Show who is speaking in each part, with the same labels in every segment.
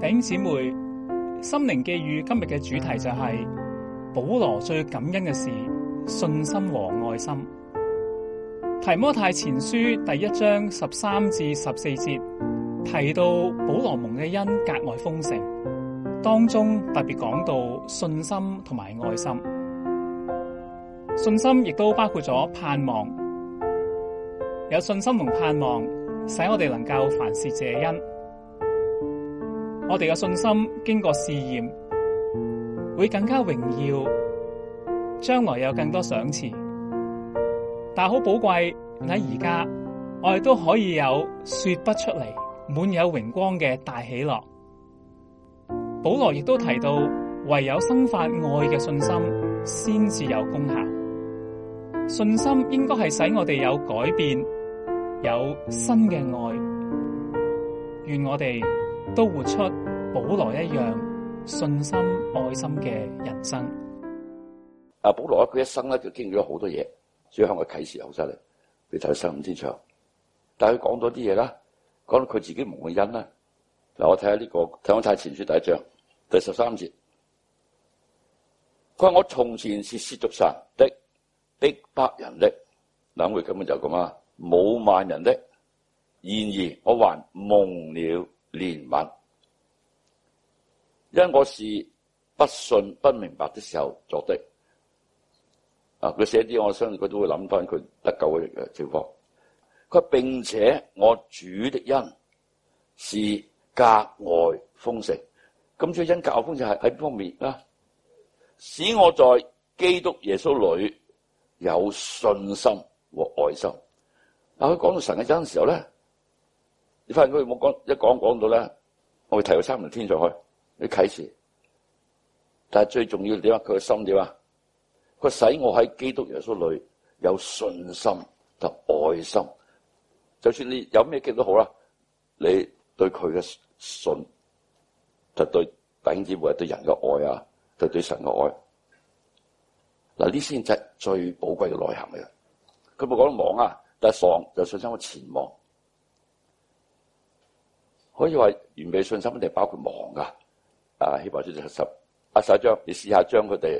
Speaker 1: 頂姊妹，心靈寄語，今日嘅主題就係、是，保羅最感恩嘅事：信心和愛心。提摩太前書第一章十三至十四節提到保羅蒙嘅恩格外豐盛，當中特別講到信心同埋愛心。信心亦都包括咗盼望，有信心同盼望，使我哋能夠凡事謝恩。我哋嘅信心經過試驗，會更加榮耀，將來有更多賞賜。但好寶貴喺而家，我哋都可以有說不出嚟、滿有榮光嘅大喜樂。保羅亦都提到，唯有生發愛嘅信心，先至有功效。信心應該係使我哋有改變，有新嘅愛。願我哋。都活出保羅一樣信心、愛心嘅人生。
Speaker 2: 啊，保羅佢一生咧就經歷咗好多嘢，所以向佢啟示好犀利。你睇《新五天長》但他，但係佢講咗啲嘢啦，講到佢自己唔蒙恩啦。嗱，我睇下呢個《提摩太前書》第一章第十三節，佢話我從前是褻瀆神的、逼迫人的，等我根本就咁啊，侮慢人的。然而我還蒙了。憐憫，因我是不信不明白的時候作的。啊，佢寫啲，我相信佢都會諗翻佢得救嘅情況。佢並且我主的恩是格外豐盛。咁主嘅恩格外豐盛係喺邊方面呢？使我在基督耶穌裏有信心和愛心。但佢講到神嘅真的時候咧。你發現佢冇講，一講講到咧，我會提佢三文天上去你啟示，但係最重要點啊？佢嘅心點啊？佢使我喺基督耶穌裏有信心同愛心，就算你有咩嘅都好啦，你對佢嘅信就對，頂之為對人嘅愛啊，就對神嘅愛。嗱，呢先係最寶貴嘅內涵嚟嘅。佢冇講望啊，但係望就信心嘅前望。可以話完美信心一定包括望㗎。啊，希伯來書七十，壓、啊、曬張，你試下將佢哋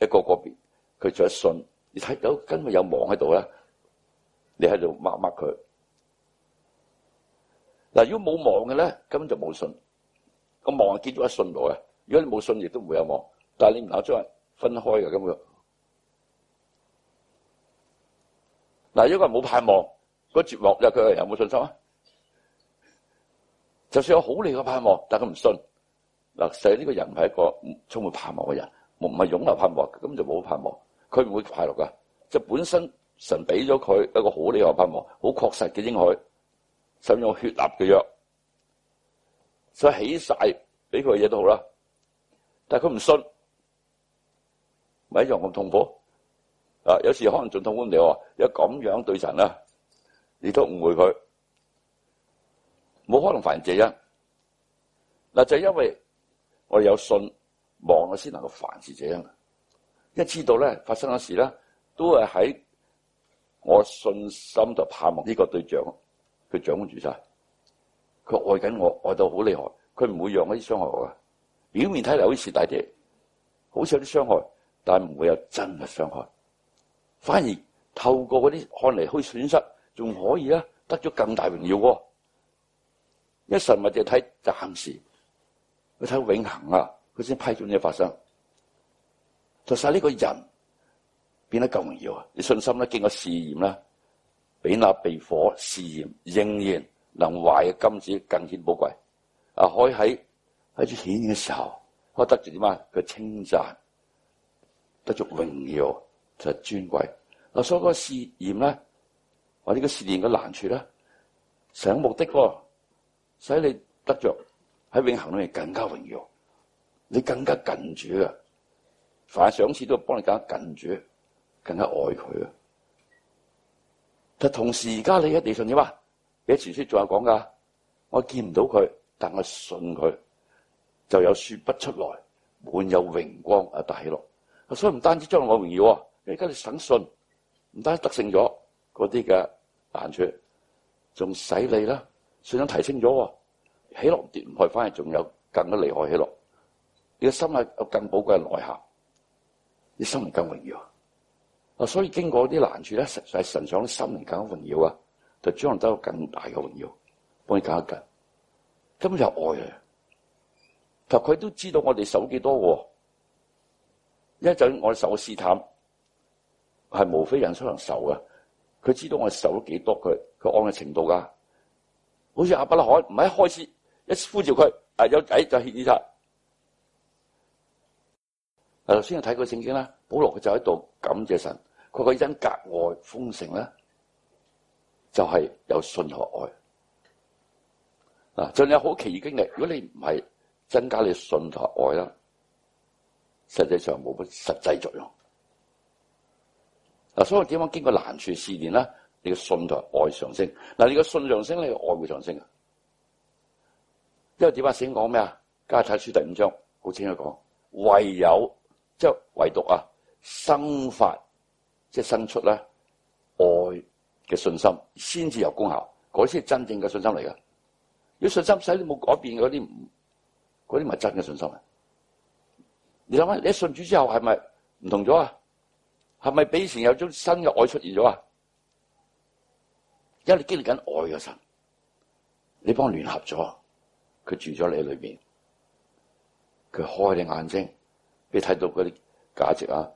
Speaker 2: 一個個別，佢着一信，你睇到根本有望喺度咧。你喺度掹掹佢。嗱、啊，如果冇望嘅咧，根本就冇信。個望結咗一信落嘅。如果你冇信，亦都唔會有望。但係你唔能將分開嘅根本。嗱、啊，如果為冇盼望，嗰個絕望就佢係有冇信心啊？就算有好厲害嘅盼望，但佢唔信嗱，所以呢個人唔係一個充滿盼望嘅人，唔係擁有盼望，根本就冇盼望，佢唔會快樂噶。即係本身神俾咗佢一個好厲害嘅盼望，好確實嘅應許，甚至用血立嘅約，所以起晒俾佢嘅嘢都好啦，但係佢唔信，咪一樣咁痛苦啊！有時可能仲痛苦啲我，有咁樣對神啊，你都誤會佢。冇可能凡事這樣，嗱，就係因為我有信望，我先能夠凡事這樣一知道咧發生嘅事咧，都係喺我信心度盼望呢個對象，佢掌控住晒，佢愛緊我，愛到好厲害，佢唔會讓一啲傷害我㗎。表面睇嚟好似大地，好似有啲傷害，但係唔會有真嘅傷害，反而透過嗰啲看嚟可以損失，仲可以啊，得咗更大榮耀。因神唔係淨睇暫時，佢睇永恒啊，佢先批准你發生，就使呢個人變得更榮耀啊！你信心咧，經過試驗咧，比那被火試驗仍然能壞嘅金子更顯寶貴。啊，可以喺喺顯現嘅時候，可以得住點啊？佢稱讚，得着榮耀，着榮耀就係尊貴。嗱，所以那個試驗咧，或者個試驗嘅難處咧，想目的。使你得着喺永恆裏面更加榮耀，你更加近主嘅，凡係上次都幫你更加近主，更加愛佢啊！但同時而家你嘅地信點啊？彼得前書仲有講噶，我見唔到佢，但我信佢就有說不出來，滿有榮光嘅大喜樂，所以唔單止將來我榮耀，而家你省信，唔單得勝咗嗰啲嘅難處，仲使你啦。神想提升咗喎，起落跌唔害，反而仲有更加厲害起落。你個心係有更寶貴嘅內涵，你心靈更榮耀。啊，所以經過啲難處咧，實係神想心靈更榮耀啊，就將來得到更大嘅榮耀。幫你搞一講，根本就是愛啊！但佢都知道我哋受幾多少、啊，一陣我哋受試探，係無非人所能受啊。佢知道我哋受咗幾多少，佢佢按嘅程度噶、啊。好似阿伯拉罕，唔係一開始一呼召佢，啊、呃、有仔、哎、就獻祭啦。啊，頭先我睇過聖經啦。保羅就喺度感謝神，佢嘅恩格外豐盛呢，就係、是、有信和愛。啊，仲有好奇異經歷，如果你唔係增加你信和愛啦，實際上冇乜實際作用。啊、所以點樣經過難處試練啦？你嘅信就係愛上升。嗱，你嘅信上升，你嘅愛會上升嘅。因為點啊？聖經講咩啊？加泰書第五章好清楚講，唯有即係唯獨啊，生發即係生出咧、啊、愛嘅信心，先至有功效。嗰先係真正嘅信心嚟嘅。如果信心使你冇改變嗰啲，嗰啲唔係真嘅信心啊？你諗下，你一信主之後係咪唔同咗啊？係咪比以前有一種新嘅愛出現咗啊？因為你經歷緊愛嘅神，你幫我聯合咗，佢住咗你裏面。佢開你眼睛，你睇到嗰啲價值啊！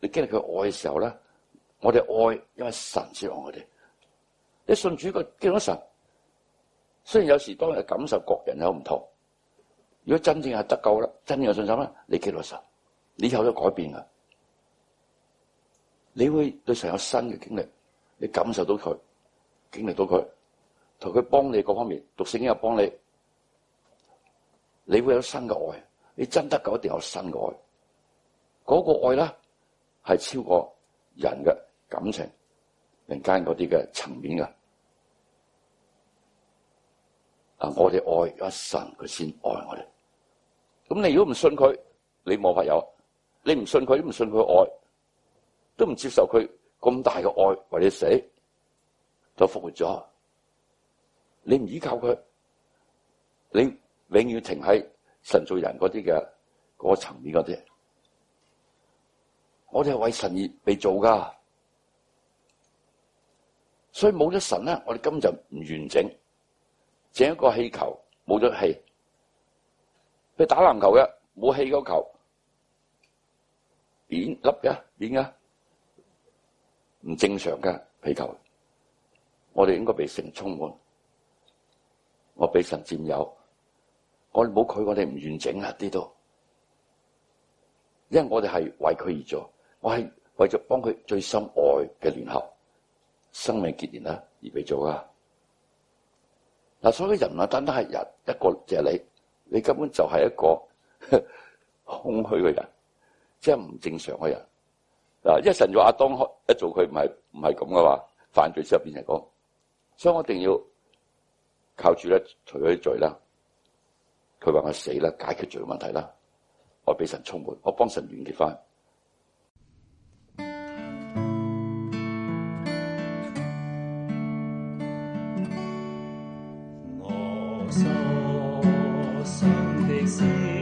Speaker 2: 你經歷佢愛嘅時候呢，我哋愛因為神先愛我哋，你信主嘅經歷咗神，雖然有時當你感受各人有唔同，如果真正是得救啦，真正有信心啦，你經歷神，你有咗改變了，你會對神有新嘅經歷，你感受到佢。經歷到佢同佢幫你嗰方面，讀聖經又幫你，你會有新嘅愛。你真得救一定有新嘅愛，嗰、嗰個愛咧係超過人嘅感情、人間嗰啲嘅層面嘅。啊，我哋愛有一神，佢先愛我哋。咁你如果唔信佢，你冇法有。你唔信佢，都唔信佢愛，都唔接受佢咁大嘅愛為你死。都復活咗，你唔依靠佢，你永遠停喺神造人嗰啲嘅嗰個層面嗰啲。我哋係為神而被做噶，所以冇咗神咧，我哋根本就唔完整，整一個氣球冇咗氣，譬如打籃球嘅冇氣嗰球，扁粒嘅，扁㗎，唔正常嘅皮球。我哋應該被神充滿，我被神佔有，我冇佢，我哋唔完整啊！呢度，因為我哋係為佢而做，我係為咗幫佢最深愛嘅聯合生命結連啦，而被做啊。嗱，所以人唔係單單係人一個，就係你，你根本就係一個空虛嘅人，即係唔正常嘅人嗱。因為神要阿當開一做佢唔係，唔係咁嘅話，犯罪之後變成所以我一定要靠住咧，除咗啲罪啦，佢話我死啦，解決罪嘅問題啦，我俾神充滿，我幫神完結翻。
Speaker 3: 我所想的心